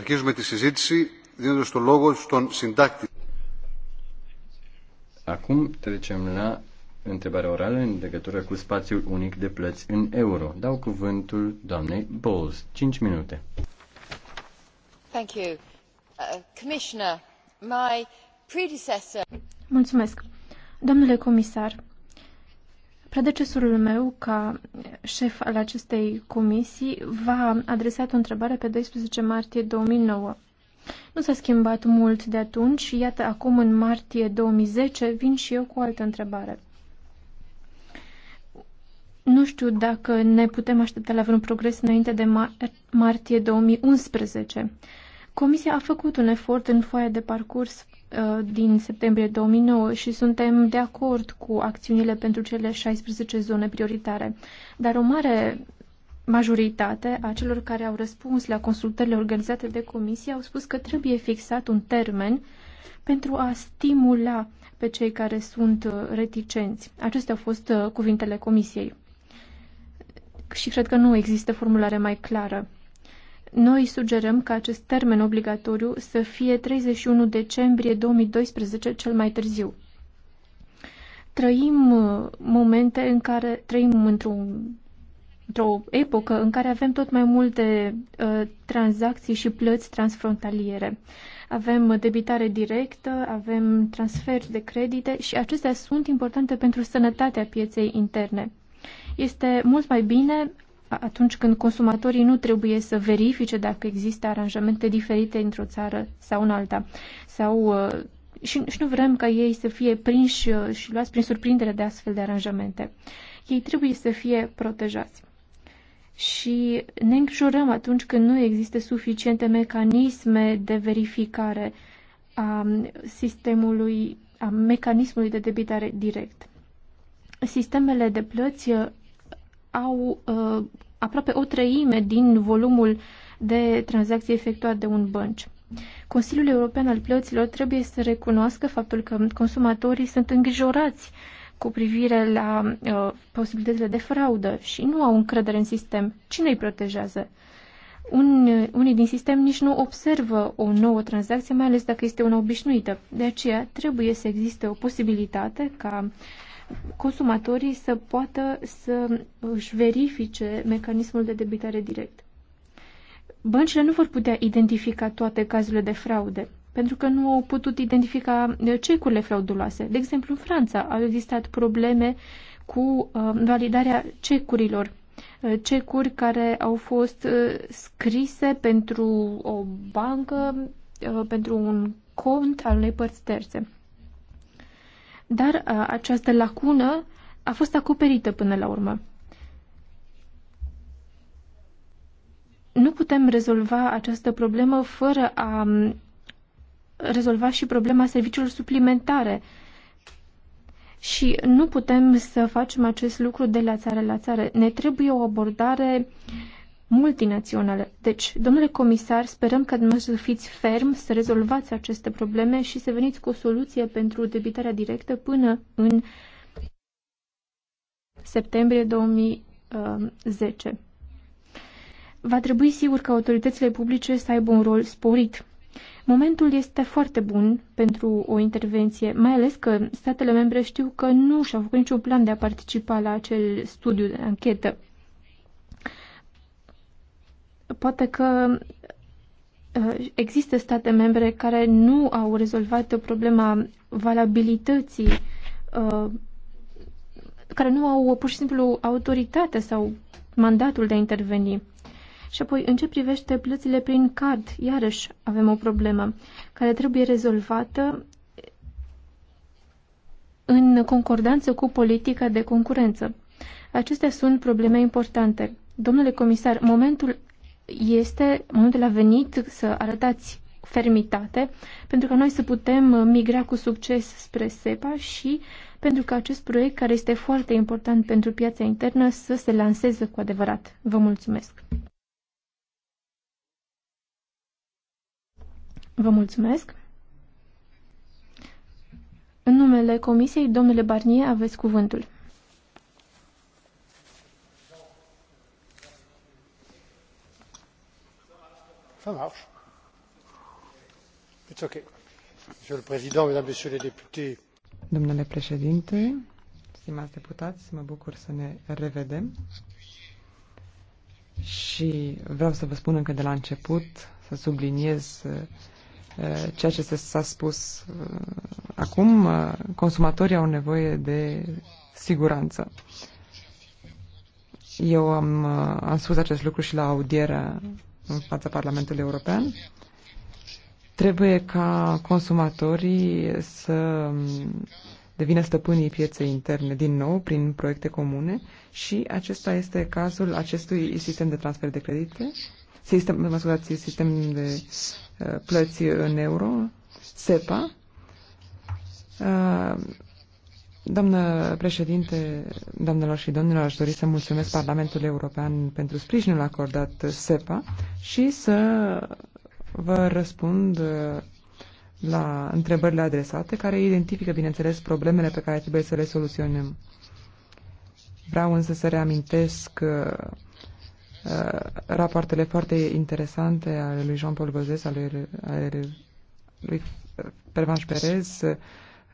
Αρχίζουμε τη συζήτηση δίνοντας το λόγο στον συντάκτη. Acum trecem la întrebarea orală în legătură cu spațiul unic de plăți în euro. Dau cuvântul doamnei Bowles. 5 minute. Thank you. Uh, Commissioner, my predecessor... Mulțumesc. Domnule comisar, Predecesorul meu, ca șef al acestei comisii, v-a adresat o întrebare pe 12 martie 2009. Nu s-a schimbat mult de atunci și iată acum în martie 2010 vin și eu cu o altă întrebare. Nu știu dacă ne putem aștepta la vreun progres înainte de mar- martie 2011. Comisia a făcut un efort în foaia de parcurs Uh, din septembrie 2009 și suntem de acord cu acțiunile pentru cele 16 zone prioritare. Dar o mare majoritate a celor care au răspuns la consultările organizate de comisie au spus că trebuie fixat un termen pentru a stimula pe cei care sunt uh, reticenți. Acestea au fost uh, cuvintele comisiei. Și cred că nu există formulare mai clară. Noi sugerăm ca acest termen obligatoriu să fie 31 decembrie 2012 cel mai târziu. Trăim uh, momente în care trăim într-un într-o epocă în care avem tot mai multe uh, tranzacții și plăți transfrontaliere. Avem debitare directă, avem transfer de credite și acestea sunt importante pentru sănătatea pieței interne. Este mult mai bine atunci când consumatorii nu trebuie să verifice dacă există aranjamente diferite într-o țară sau în alta. Sau, uh, și, și nu vrem ca ei să fie prinși uh, și luați prin surprindere de astfel de aranjamente. Ei trebuie să fie protejați. Și ne îngrijorăm atunci când nu există suficiente mecanisme de verificare a sistemului, a mecanismului de debitare direct. Sistemele de plăți uh, au uh, aproape o treime din volumul de tranzacții efectuat de un bănci. Consiliul European al Plăților trebuie să recunoască faptul că consumatorii sunt îngrijorați cu privire la uh, posibilitățile de fraudă și nu au încredere în sistem. Cine îi protejează? Un, unii din sistem nici nu observă o nouă tranzacție, mai ales dacă este una obișnuită. De aceea trebuie să existe o posibilitate ca uh, consumatorii să poată să își verifice mecanismul de debitare direct. Băncile nu vor putea identifica toate cazurile de fraude, pentru că nu au putut identifica cecurile frauduloase. De exemplu, în Franța au existat probleme cu uh, validarea cecurilor uh, cecuri care au fost uh, scrise pentru o bancă, pentru un cont al unei părți terțe dar a, uh, această lacună a fost acoperită până la urmă. Nu putem rezolva această problemă fără a um, rezolva și problema serviciilor suplimentare. Și nu putem să facem acest lucru de la țară la țară. Ne trebuie o abordare uh, multinaționale. Deci, domnule comisar, sperăm că dumneavoastră să fiți ferm, să rezolvați aceste probleme și să veniți cu o soluție pentru debitarea directă până în septembrie 2010. Uh, Va trebui sigur că autoritățile publice să aibă un rol sporit. Momentul este foarte bun pentru o intervenție, mai ales că statele membre știu că nu și-au făcut niciun plan de a participa la acel studiu de anchetă. Poate că uh, există state membre care nu au rezolvat problema valabilității, uh, care nu au pur și simplu autoritatea sau mandatul de a interveni. Și apoi, în ce privește plățile prin card, iarăși avem o problemă care trebuie rezolvată în concordanță cu politica de concurență. Acestea sunt probleme importante. Domnule comisar, momentul este momentul a venit să arătați fermitate pentru ca noi să putem migra cu succes spre SEPA și pentru ca acest proiect, care este foarte important pentru piața internă, să se lanseze cu adevărat. Vă mulțumesc! Vă mulțumesc! În numele Comisiei, domnule Barnier, aveți cuvântul. domnule președinte stimați deputați mă bucur să ne revedem și vreau să vă spun încă de la început să subliniez eh, ceea ce s-a spus eh, acum eh, consumatorii au nevoie de siguranță. Eu am, am spus acest lucru și la audierea în fața Parlamentului European. Trebuie ca consumatorii să devină stăpânii pieței interne din nou prin proiecte comune și acesta este cazul acestui sistem de transfer de credite, sistem, mă scuzați, sistem de uh, plăți în euro, SEPA, uh, Doamnă președinte, doamnelor și domnilor, aș dori să mulțumesc Parlamentului European pentru sprijinul acordat SEPA și să vă răspund uh, la întrebările adresate, care identifică, bineînțeles, problemele pe care trebuie să le soluționăm. Vreau însă să reamintesc uh, uh, rapoartele foarte interesante ale lui Jean-Paul Gozes, ale lui Pervanș Perez,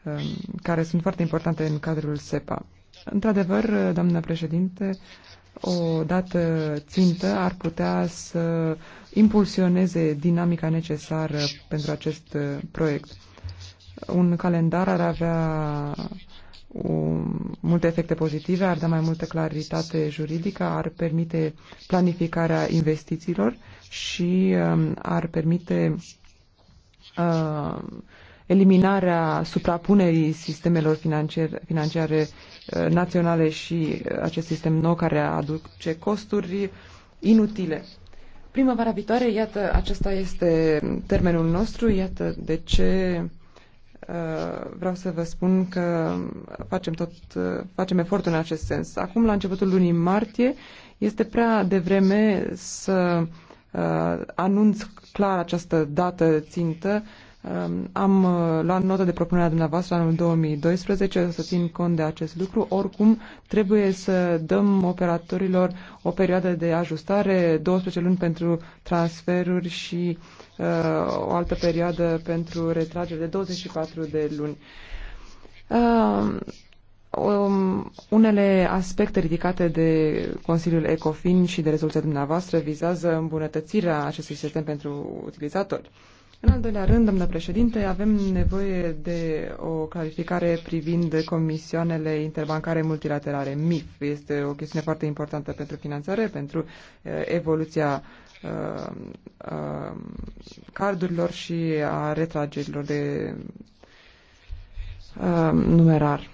Um, care sunt foarte importante în cadrul SEPA. Într-adevăr, doamnă președinte, o dată țintă ar putea să impulsioneze dinamica necesară pentru acest uh, proiect. Un calendar ar avea um, multe efecte pozitive, ar da mai multă claritate juridică, ar permite planificarea investițiilor și um, ar permite uh, eliminarea suprapunerii sistemelor financiare, financiare eh, naționale și eh, acest sistem nou care aduce costuri inutile. Primăvara viitoare, iată, acesta este termenul nostru, iată de ce eh, vreau să vă spun că facem tot, facem efortul în acest sens. Acum, la începutul lunii martie, este prea devreme să anunț clar această dată țintă, Um, am uh, luat notă de propunerea dumneavoastră anul 2012, o să țin cont de acest lucru. Oricum, trebuie să dăm operatorilor o perioadă de ajustare, 12 luni pentru transferuri și uh, o altă perioadă pentru retragere de 24 de luni. Uh, um, unele aspecte ridicate de Consiliul ECOFIN și de rezoluția dumneavoastră vizează îmbunătățirea acestui sistem pentru utilizatori. Uh, în al doilea rând, domnule președinte, avem nevoie de o clarificare privind comisioanele interbancare multilaterale. MIF este o chestiune foarte importantă pentru finanțare, pentru eh, evoluția eh, eh, cardurilor și a retragerilor de numerar.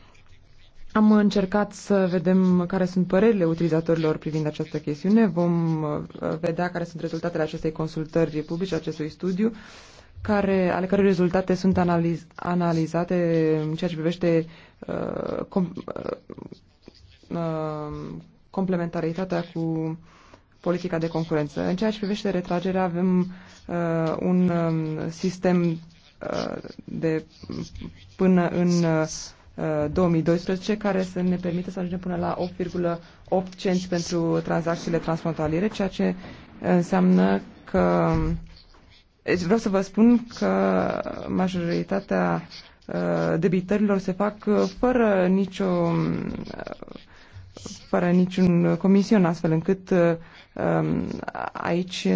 Am încercat să vedem care sunt părerile utilizatorilor privind această chestiune. Vom uh, vedea care sunt rezultatele acestei consultări publice, acestui studiu, care, ale cărui rezultate sunt analiz, analizate în ceea ce privește uh, com, uh, uh, complementaritatea cu politica de concurență. În ceea ce privește retragerea, avem uh, un uh, sistem uh, de până în uh, 2012 care să ne permită să ajungem până la 8,8 cenți pentru tranzacțiile transfrontaliere, ceea ce înseamnă că deci vreau să vă spun că majoritatea uh, debitărilor se fac uh, fără nicio uh, fără niciun comision, astfel încât um, aici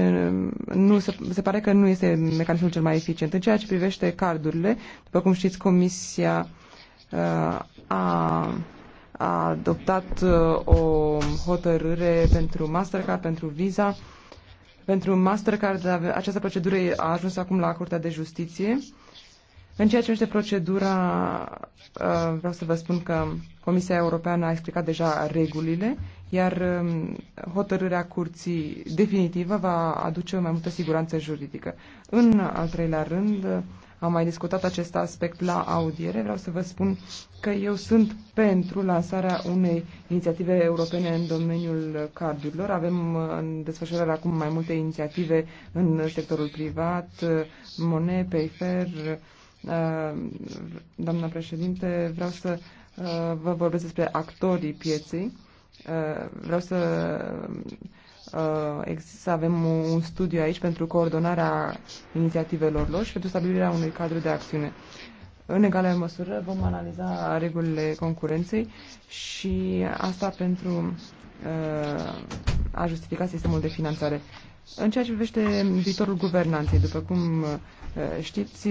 nu se, se pare că nu este mecanismul cel mai eficient. În ceea ce privește cardurile, după cum știți, Comisia uh, Uh, a, a adoptat uh, o hotărâre pentru Mastercard, pentru Visa. Pentru Mastercard, această procedură a ajuns acum la Curtea de Justiție. În ceea ce este procedura, uh, vreau să vă spun că Comisia Europeană a explicat deja regulile, iar um, hotărârea curții definitivă va aduce mai multă siguranță juridică. În al treilea rând, am mai discutat acest aspect la audiere. Vreau să vă spun că eu sunt pentru lansarea unei inițiative europene în domeniul cardurilor. Avem uh, în desfășurare acum mai multe inițiative în sectorul privat, uh, Monet, Payfair. Uh, doamna președinte, vreau să vă vorbesc despre actorii pieței. Vreau să Uh, să avem un studiu aici pentru coordonarea inițiativelor lor și pentru stabilirea unui cadru de acțiune. În egală măsură vom analiza regulile concurenței și asta pentru uh, a justifica sistemul de finanțare. În ceea ce privește viitorul guvernanței, după cum uh, știți,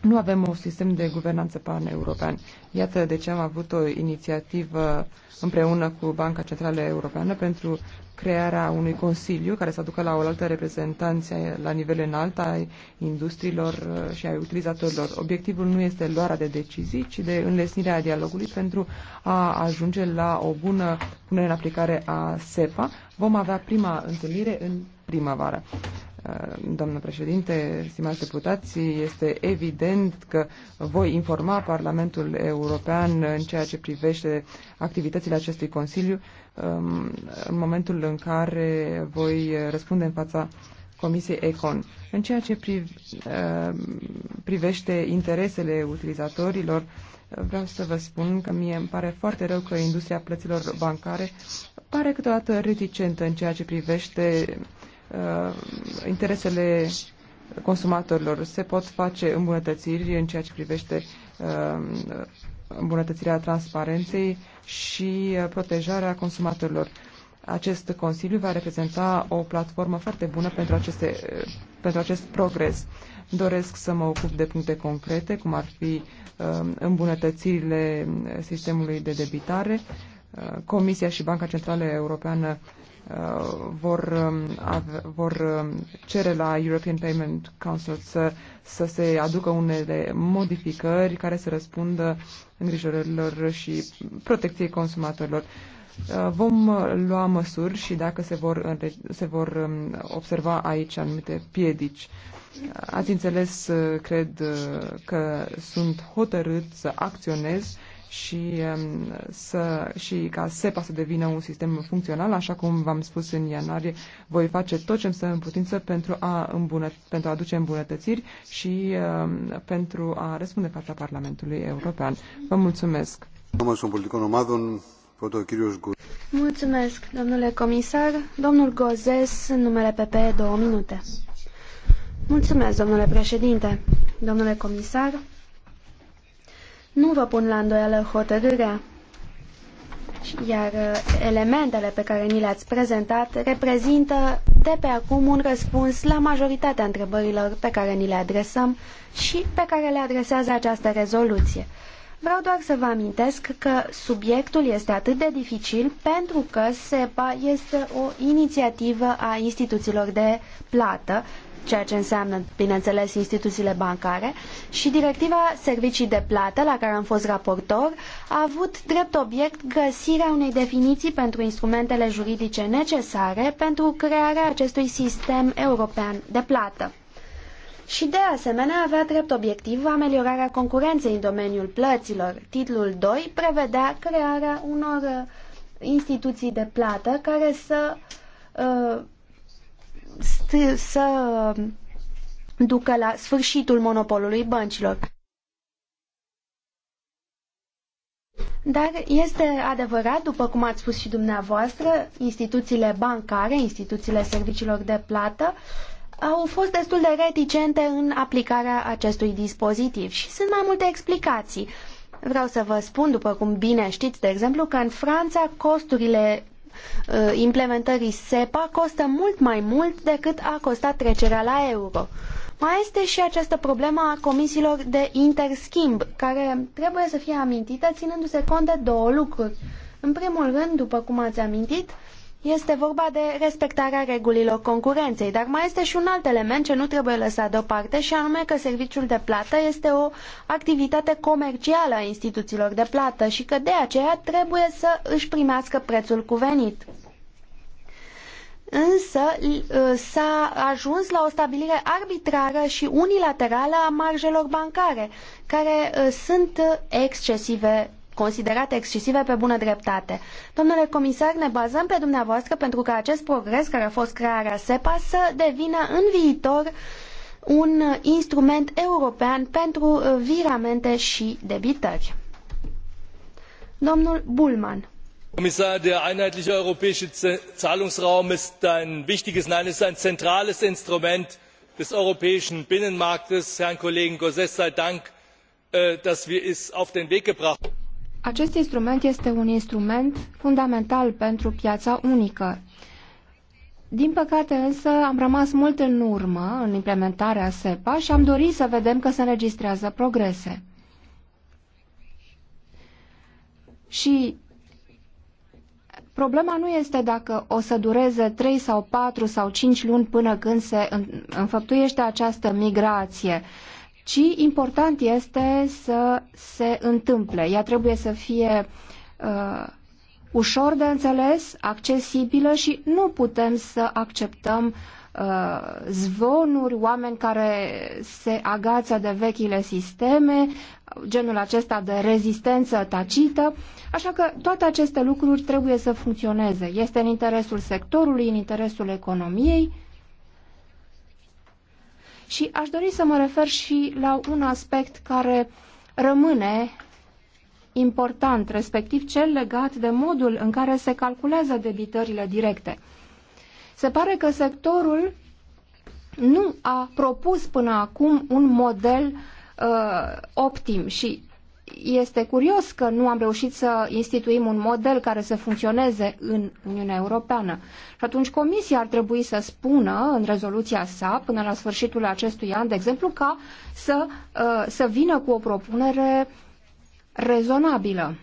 nu avem un sistem de guvernanță pan-european. Iată de ce am avut o inițiativă împreună cu Banca Centrală Europeană pentru crearea unui consiliu care să aducă la oaltă reprezentanță la nivel înalt ai industriilor uh, și ai utilizatorilor. Obiectivul nu este luarea de decizii, ci de înlesnirea dialogului pentru a ajunge la o bună punere în aplicare a SEPA. Vom avea prima întâlnire în primăvară. Uh, doamnă președinte, stimați deputați, este evident că voi informa Parlamentul European în ceea ce privește activitățile acestui Consiliu um, în momentul în care voi răspunde în fața Comisiei Econ. În ceea ce uh, privește interesele utilizatorilor, vreau să vă spun că mie îmi pare foarte rău că industria plăților bancare pare câteodată reticentă în ceea ce privește Uh, interesele consumatorilor. Se pot face îmbunătățiri în ceea ce privește uh, îmbunătățirea transparenței și uh, protejarea consumatorilor. Acest Consiliu va reprezenta o platformă foarte bună pentru, aceste, pentru acest progres. Doresc să mă ocup de puncte concrete, cum ar fi îmbunătățirile sistemului de debitare. Comisia și Banca Centrală Europeană vor, um, vor um, cere la European Payment Council să, să se aducă unele modificări care să răspundă îngrijorărilor și protecției consumatorilor. Uh, vom uh, lua măsuri și dacă se vor, se vor um, observa aici anumite piedici. Ați înțeles, uh, cred că sunt hotărât să acționez și, um, să, și ca SEPA să devină un sistem funcțional, așa cum v-am spus în ianuarie, voi face tot ce îmi stă în putință pentru a, îmbunăt- pentru a aduce îmbunătățiri și um, pentru a răspunde fața Parlamentului European. Vă mulțumesc! Mulțumesc, domnule comisar. Domnul Gozes, în numele PP, două minute. Mulțumesc, domnule președinte, domnule comisar, nu vă pun la îndoială hotărârea, iar uh, elementele pe care ni le-ați prezentat reprezintă de pe acum un răspuns la majoritatea întrebărilor pe care ni le adresăm și pe care le adresează această rezoluție. Vreau doar să vă amintesc că subiectul este atât de dificil pentru că SEPA este o inițiativă a instituțiilor de plată ceea ce înseamnă, bineînțeles, instituțiile bancare și directiva servicii de plată, la care am fost raportor, a avut drept obiect găsirea unei definiții pentru instrumentele juridice necesare pentru crearea acestui sistem european de plată. Și de asemenea avea drept obiectiv ameliorarea concurenței în domeniul plăților. Titlul 2 prevedea crearea unor uh, instituții de plată care să uh, să ducă la sfârșitul monopolului băncilor. Dar este adevărat, după cum ați spus și dumneavoastră, instituțiile bancare, instituțiile serviciilor de plată, au fost destul de reticente în aplicarea acestui dispozitiv și sunt mai multe explicații. Vreau să vă spun, după cum bine știți, de exemplu, că în Franța costurile Uh, implementării SEPA costă mult mai mult decât a costat trecerea la euro. Mai este și această problemă a comisiilor de interschimb, care trebuie să fie amintită ținându-se cont de două lucruri. În primul rând, după cum ați amintit, este vorba de respectarea regulilor concurenței, dar mai este și un alt element ce nu trebuie lăsat deoparte și anume că serviciul de plată este o activitate comercială a instituțiilor de plată și că de aceea trebuie să își primească prețul cuvenit. Însă ă, s-a ajuns la o stabilire arbitrară și unilaterală a marjelor bancare, care ă, sunt excesive considerate excesive pe bună dreptate. Domnule comisar, ne bazăm pe dumneavoastră pentru că acest progres care a fost crearea SEPA să devină în viitor un instrument european pentru uh, viramente și debitări. Domnul Bulman kommissar der einheitliche europäische zahlungsraum ist ein wichtiges nein ist ein zentrales instrument des europäischen binnenmarktes. herrn kollegen gauzs sei dank äh, dass wir es auf den weg gebracht haben. Acest instrument este un instrument fundamental pentru piața unică. Din păcate însă am rămas mult în urmă în implementarea SEPA și am dorit să vedem că se înregistrează progrese. Și problema nu este dacă o să dureze 3 sau 4 sau 5 luni până când se înfăptuiește această migrație ci important este să se întâmple. Ea trebuie să fie uh, ușor de înțeles, accesibilă și nu putem să acceptăm uh, zvonuri, oameni care se agață de vechile sisteme, genul acesta de rezistență tacită. Așa că toate aceste lucruri trebuie să funcționeze. Este în interesul sectorului, în interesul economiei și aș dori să mă refer și la un aspect care rămâne important, respectiv cel legat de modul în care se calculează debitările directe. Se pare că sectorul nu a propus până acum un model uh, optim și este curios că nu am reușit să instituim un model care să funcționeze în Uniunea Europeană. Și atunci Comisia ar trebui să spună în rezoluția sa până la sfârșitul acestui an, de exemplu, ca să, uh, să vină cu o propunere rezonabilă.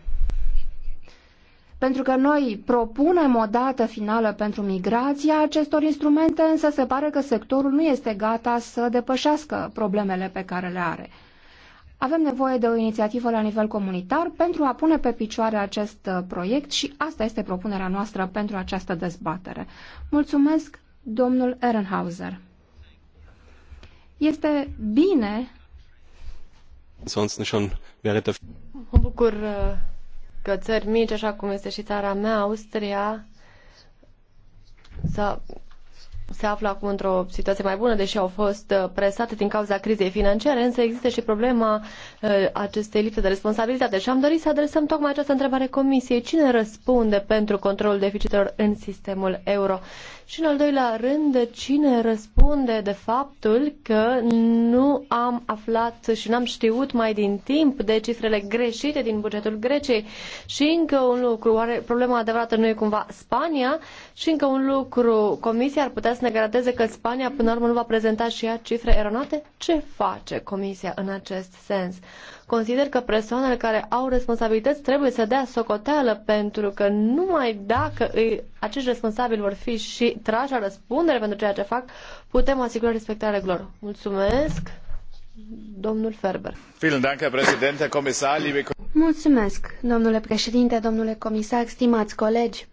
Pentru că noi propunem o dată finală pentru migrația acestor instrumente, însă se pare că sectorul nu este gata să depășească problemele pe care le are. Avem nevoie de o inițiativă la nivel comunitar pentru a pune pe picioare acest uh, proiect și asta este propunerea noastră pentru această dezbatere. Mulțumesc, domnul Ehrenhauser. Este bine. Mă bucur uh, că țări mici, așa cum este și țara mea, Austria, să se află acum într-o situație mai bună, deși au fost uh, presate din cauza crizei financiare, însă există și problema uh, acestei lipse de responsabilitate. Și am dorit să adresăm tocmai această întrebare Comisiei. Cine răspunde pentru controlul deficitelor în sistemul euro? Și în al doilea rând, cine răspunde de faptul că nu am aflat și n-am știut mai din timp de cifrele greșite din bugetul Greciei? Și încă un lucru, oare problema adevărată nu e cumva Spania? Și încă un lucru, Comisia ar putea să ne garanteze că Spania până la urmă nu va prezenta și ea cifre eronate? Ce face Comisia în acest sens? Consider că persoanele care au responsabilități trebuie să dea socoteală pentru că numai dacă îi, acești responsabili vor fi și trași la răspundere pentru ceea ce fac, putem asigura respectarea regulilor. Mulțumesc! Domnul Ferber. Mulțumesc, domnule președinte, domnule comisar, stimați colegi.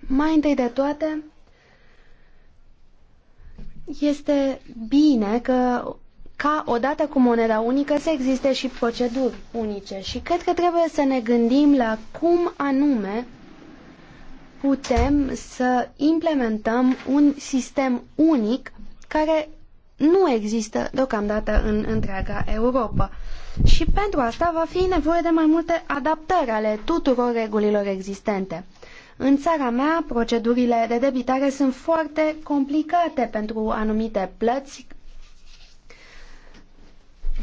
Mai întâi de toate, este bine că ca odată cu moneda unică să existe și proceduri unice și cred că trebuie să ne gândim la cum anume putem să implementăm un sistem unic care nu există deocamdată în întreaga Europa. Și pentru asta va fi nevoie de mai multe adaptări ale tuturor regulilor existente. În țara mea, procedurile de debitare sunt foarte complicate pentru anumite plăți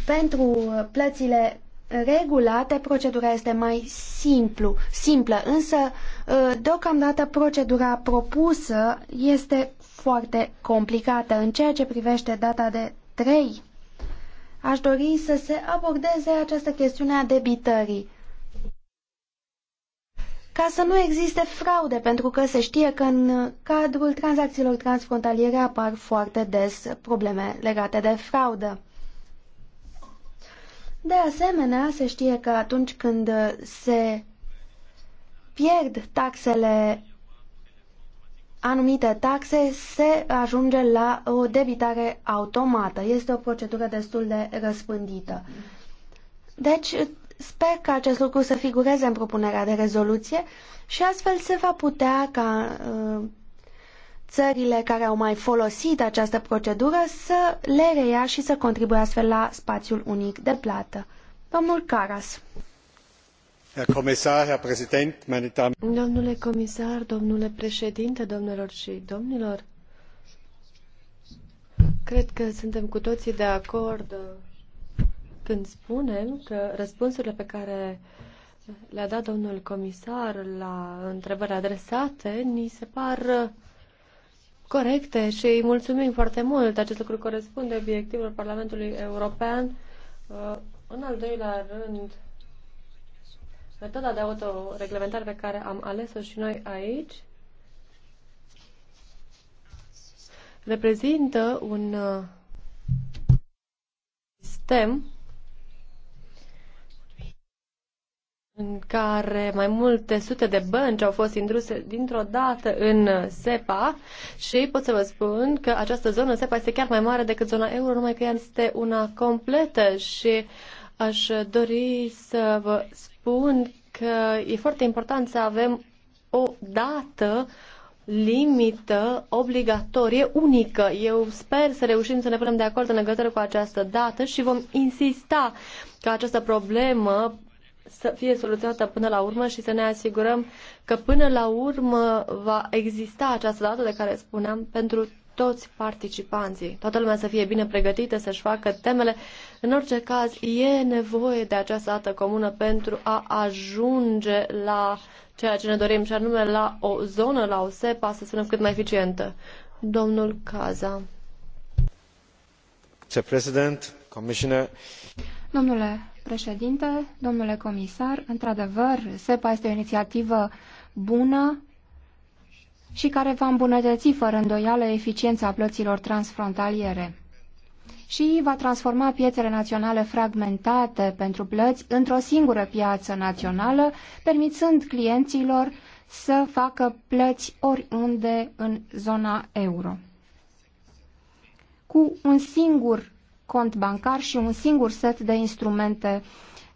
pentru plățile regulate, procedura este mai simplu, simplă, însă ă, deocamdată procedura propusă este foarte complicată. În ceea ce privește data de 3, aș dori să se abordeze această chestiune a debitării. Ca să nu existe fraude, pentru că se știe că în cadrul tranzacțiilor transfrontaliere apar foarte des probleme legate de fraudă. De asemenea, se știe că atunci când se pierd taxele, anumite taxe, se ajunge la o debitare automată. Este o procedură destul de răspândită. Deci, sper că acest lucru să figureze în propunerea de rezoluție și astfel se va putea ca uh, țările care au mai folosit această procedură să le reia și să contribuie astfel la spațiul unic de plată. Domnul Caras. Comisar, domnule comisar, domnule președinte, domnilor și domnilor, cred că suntem cu toții de acord uh, când spunem că răspunsurile pe care le-a dat domnul comisar la întrebări adresate ni se par uh, corecte și îi mulțumim foarte mult. Acest lucru corespunde obiectivul Parlamentului European. Uh, în al doilea rând, metoda de autoreglementare pe care am ales-o și noi aici reprezintă un uh, sistem în care mai multe sute de bănci au fost intruse dintr-o dată în SEPA și pot să vă spun că această zonă SEPA este chiar mai mare decât zona euro, numai că ea este una completă și aș dori să vă spun că e foarte important să avem o dată limită obligatorie unică. Eu sper să reușim să ne punem de acord în legătură cu această dată și vom insista că această problemă să fie soluționată până la urmă și să ne asigurăm că până la urmă va exista această dată de care spuneam pentru toți participanții. Toată lumea să fie bine pregătită, să-și facă temele. În orice caz, e nevoie de această dată comună pentru a ajunge la ceea ce ne dorim, și anume la o zonă, la o SEPA, să spunem, cât mai eficientă. Domnul Caza. Mr. President, Commissioner, Domnule președinte, domnule comisar, într-adevăr, SEPA este o inițiativă bună și care va îmbunătăți fără îndoială eficiența plăților transfrontaliere și va transforma piețele naționale fragmentate pentru plăți într-o singură piață națională, permițând clienților să facă plăți oriunde în zona euro. Cu un singur cont bancar și un singur set de instrumente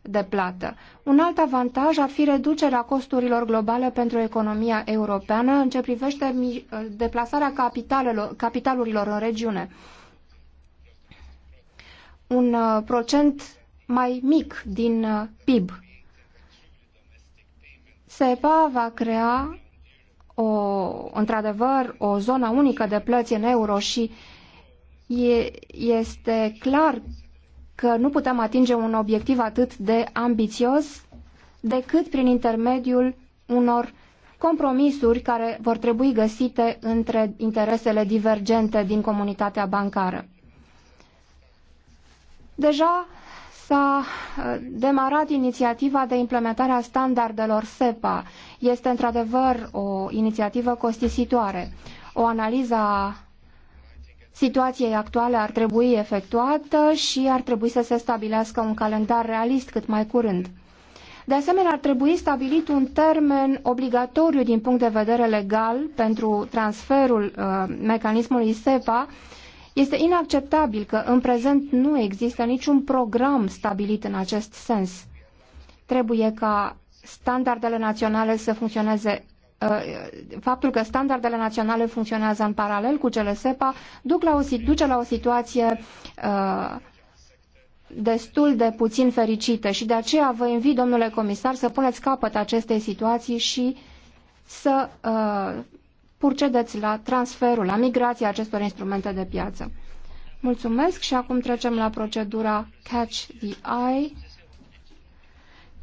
de plată. Un alt avantaj ar fi reducerea costurilor globale pentru economia europeană în ce privește deplasarea capitalurilor în regiune. Un uh, procent mai mic din uh, PIB. SEPA va crea o, într-adevăr o zonă unică de plăți în euro și uh, este clar că nu putem atinge un obiectiv atât de ambițios decât prin intermediul unor compromisuri care vor trebui găsite între interesele divergente din comunitatea bancară. Deja s-a uh, demarat inițiativa de implementare a standardelor SEPA. Este într-adevăr o inițiativă costisitoare. O analiză a situației actuale ar trebui efectuată și ar trebui să se stabilească un calendar realist cât mai curând. De asemenea, ar trebui stabilit un termen obligatoriu din punct de vedere legal pentru transferul uh, mecanismului SEPA. Este inacceptabil că în prezent nu există niciun program stabilit în acest sens. Trebuie ca standardele naționale să funcționeze Uh, faptul că standardele naționale funcționează în paralel cu cele SEPA duc la o, duce la o situație uh, destul de puțin fericită și de aceea vă invit, domnule comisar, să puneți capăt acestei situații și să uh, la transferul, la migrația acestor instrumente de piață. Mulțumesc și acum trecem la procedura Catch the Eye.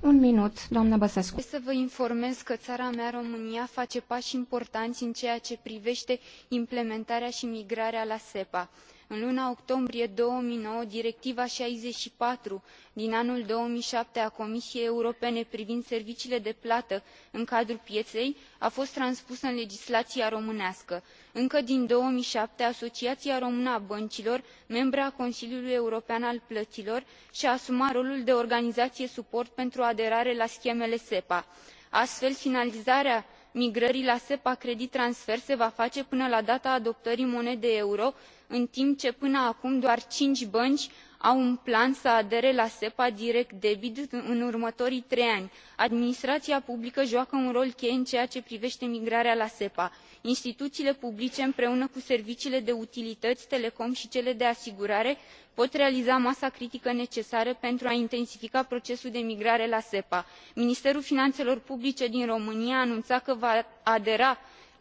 Un minut, Să vă informez că țara mea, România, face pași importanți în ceea ce privește implementarea și migrarea la SEPA în luna octombrie două mii nouă directiva șaizeci și patru din anul două mii șapte a comisiei europene privind serviciile de plată în cadrul pieței a fost transpusă în legislația românească. încă din două mii șapte asociația română a băncilor membră a consiliului european al plăților și a asumat rolul de organizaie suport pentru aderare la schemele sepa. astfel finalizarea migrării la sepa credit transfer se va face până la data adoptării monedei euro în timp ce până acum doar cinci bănci au în plan să adere la sepa direct debit în următorii trei ani. administraia publică joacă un rol cheie în ceea ce privete migrarea la sepa. instituiile publice împreună cu serviciile de utilităi telecom i cele de asigurare pot realiza masa critică necesară pentru a intensifica procesul de migrare la sepa. ministerul finanelor publice din românia a anunat că va adera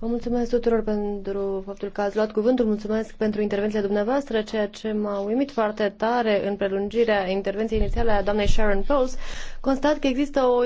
Vă mulțumesc tuturor pentru faptul că ați luat cuvântul, mulțumesc pentru intervenția dumneavoastră, ceea ce m-a uimit foarte tare în prelungirea intervenției inițiale a doamnei Sharon Pauls. Constat că există o,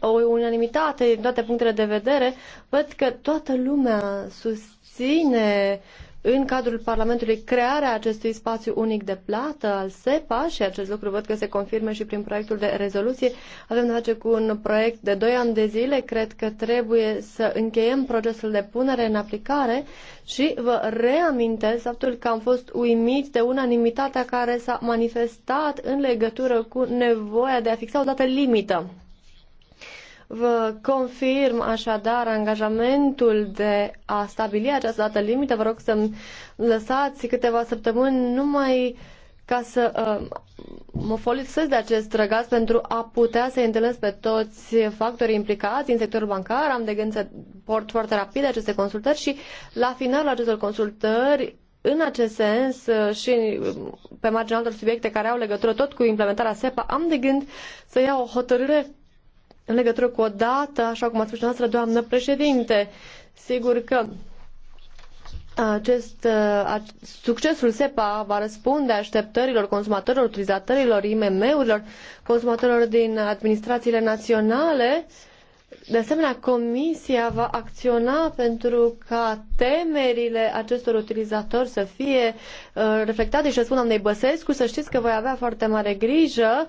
o unanimitate din toate punctele de vedere. Văd că toată lumea susține uh, în cadrul Parlamentului crearea acestui spațiu unic de plată al SEPA și acest lucru văd că se confirme și prin proiectul de rezoluție. Avem de face cu un proiect de 2 ani de zile. Cred că trebuie să încheiem procesul de punere în aplicare și vă reamintesc faptul că am fost uimiți de unanimitatea care s-a manifestat în legătură cu nevoia de a fixa o dată limită Vă confirm așadar angajamentul de a stabili această dată limită. Vă rog să-mi lăsați câteva săptămâni numai ca să uh, mă folosesc de acest răgaz pentru a putea să întâlnesc pe toți factorii implicați în sectorul bancar. Am de gând să port foarte rapid aceste consultări și la finalul acestor consultări în acest sens uh, și pe marginea altor subiecte care au legătură tot cu implementarea SEPA, am de gând să iau o hotărâre în legătură cu o dată, așa cum a spus noastră, doamnă președinte. Sigur că uh, acest, uh, succesul SEPA va răspunde așteptărilor consumatorilor, utilizatorilor, IMM-urilor, consumatorilor din administrațiile naționale uh, de asemenea, Comisia va acționa pentru ca temerile acestor utilizatori să fie uh, reflectate și răspund doamnei Băsescu. Să știți că voi avea foarte mare grijă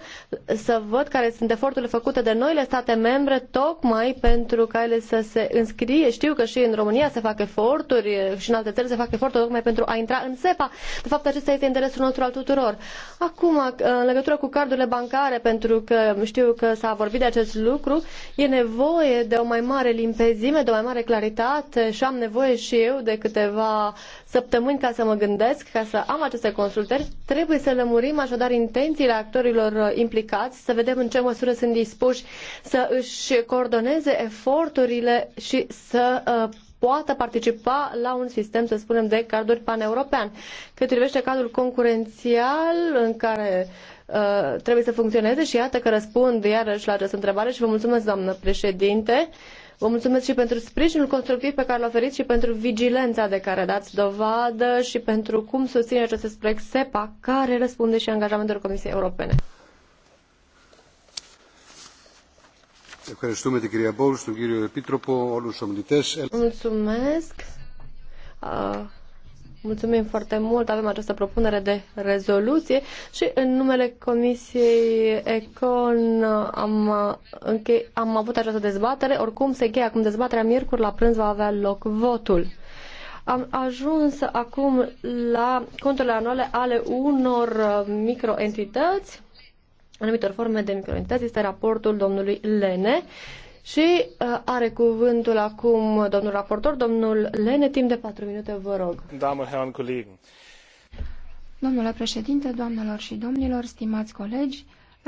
să văd care sunt eforturile făcute de noile state membre tocmai pentru ca ele să se înscrie. Știu că și în România se fac eforturi uh, și în alte țări se fac eforturi tocmai pentru a intra în SEPA. De fapt, acesta este interesul nostru al tuturor. Acum, uh, în legătură cu cardurile bancare, pentru că știu că s-a vorbit de acest lucru, e nevoie nevoie de o mai mare limpezime, de o mai mare claritate și am nevoie și eu de câteva săptămâni ca să mă gândesc, ca să am aceste consultări. Trebuie să lămurim așadar intențiile actorilor uh, implicați, să vedem în ce măsură sunt dispuși să își coordoneze eforturile și să uh, poată participa la un sistem, să spunem, de carduri paneuropean. Cât privește cadrul concurențial, în care Uh, trebuie să funcționeze și iată că răspund iarăși la această întrebare și vă mulțumesc, doamnă președinte. Vă mulțumesc și pentru sprijinul constructiv pe care l a oferit și pentru vigilența de care dați dovadă și pentru cum susține acest proiect SEPA, care răspunde și angajamentelor Comisiei Europene. Mulțumesc. Uh, Mulțumim foarte mult. Avem această propunere de rezoluție și în numele Comisiei Econ am, am avut această dezbatere. Oricum se încheie acum dezbaterea. Miercuri la prânz va avea loc votul. Am ajuns acum la conturile anuale ale unor microentități, anumitor forme de microentități. Este raportul domnului Lene. Și uh, are cuvântul acum domnul raportor, domnul Lene, timp de patru minute, vă rog. Domnule președinte, doamnelor și domnilor, stimați colegi,